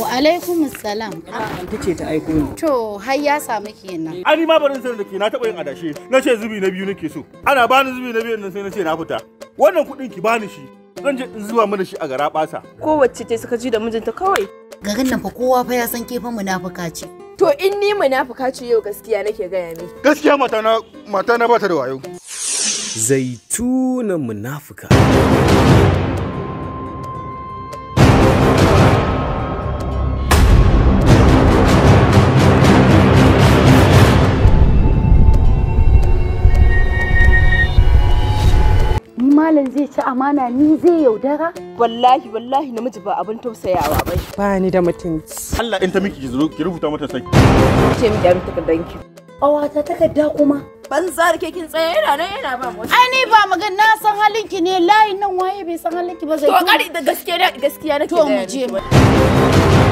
Wa alaikum salam. Anti ce ta aiko ni. To har ya samu kenan. Ani ma barin sanin da ke na taɓa yin adashi Na ce zubi na biyu nake so. Ana bani zubi na biyu nan sai na ce na fita. Wannan kuɗin ki bani shi. Zan je in zuba mana shi a gara ɓasa. Kowacce ce suka ji da mijinta kawai. Garin nan fa kowa fa ya san ke munafuka ce. To in ni munafuka ce yau gaskiya nake gaya ne. Gaskiya mata na mata na bata da wayo. Zaituna munafuka. malam zai ci amana ni zai yaudara wallahi wallahi namiji ba abin tausayawa bai. ba ni da mutunci Allah in ta miki ki zo ki rubuta mata sai. ce mi da takardanki ta takarda kuma ban za ke kin tsaya yana nan yana ba mu ai ni ba magana na san halinki ne layin nan waye bai san halinki ba zai to kari da gaskiya gaskiya nake to mu je